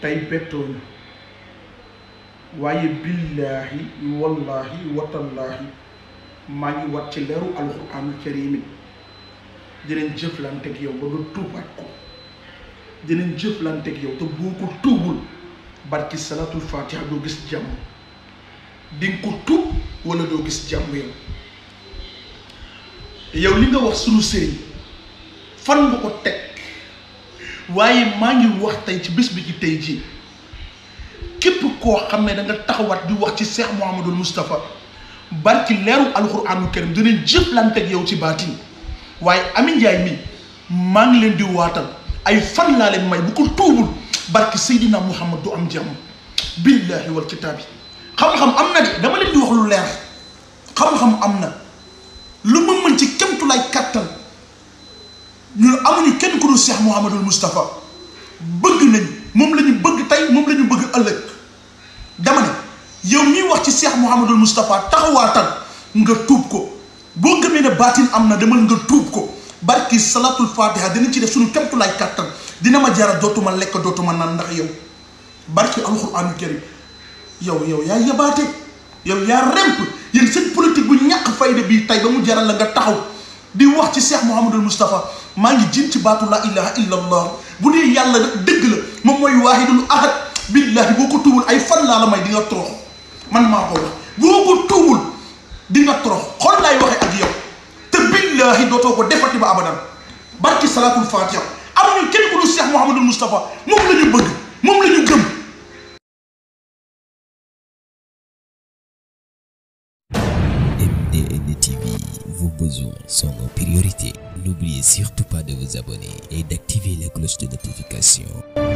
tey bettoo ñu waaye billaahi wallaahi watallaahi maa ngi wat ci leeru alxuraanul kariim dinañ jëflanteeg yow ba nga tuubaat ko dinañ jëflanteeg yow te boo ko tuubul barki salaatul faatiha doo gis jàmm di nga ko tuub wala doo gis jàmm yow yow li nga wax sunu sëriñ waaye maa ngi wax tey ci bis bi ci tey jii képp koo xam ne da taxawaat di wax ci Cheikh Mouhamadul Moustapha barki leeru alxuraanu karim dinañ jëflanteeg yow ci baatin waaye Amin Ndiaye mi maa ngi leen di waatal ay fan laa leen may bu ko tuubul barki Seydina Muhammad du am jàmm billaahi wal xam-xam am na de dama leen di wax lu leer xam-xam am na ñu amuñu kenn ku dul Cheikh Mouhamadul Moustapha bëgg nañ moom la ñu bëgg tey moom la ñu bëgg ëllëg dama ne yow miy wax ci Cheikh Mouhamadul Moustapha taxawaatal nga tuub ko boo gëmee ne baatin am na dama nga tuub ko barki salatul fatiha dinañ ci def suñu kemtulaay kàttan dina ma jara dootuma lekk dootuma naan ndax yow barki alxuraanu karim yow yow yaa yabaate yow yaa remp yéen seen politique bu ñàkk fayda bii tey ba mu jaral la nga taxaw di wax ci Cheikh Mouhamadul Moustapha maa ngi jin ci baatu laa ilaha illa allah bu dee yàlla nag dëgg la moom mooy waahidul ahad billahi boo ko tuubul ay fan laa la may di nga torox man maa ko wax boo ko tuubul di nga torox xol laay waxee ak yow te billahi dootoo ko defati ba abadan barki salaatul fatiha amuñu kenn ku dul Cheikh Mouhamadul Moustapha moom la ñu bëgg TV, vos besoins sont nos priorités. N'oubliez surtout pas de vous abonner et d'activer la cloche de notification.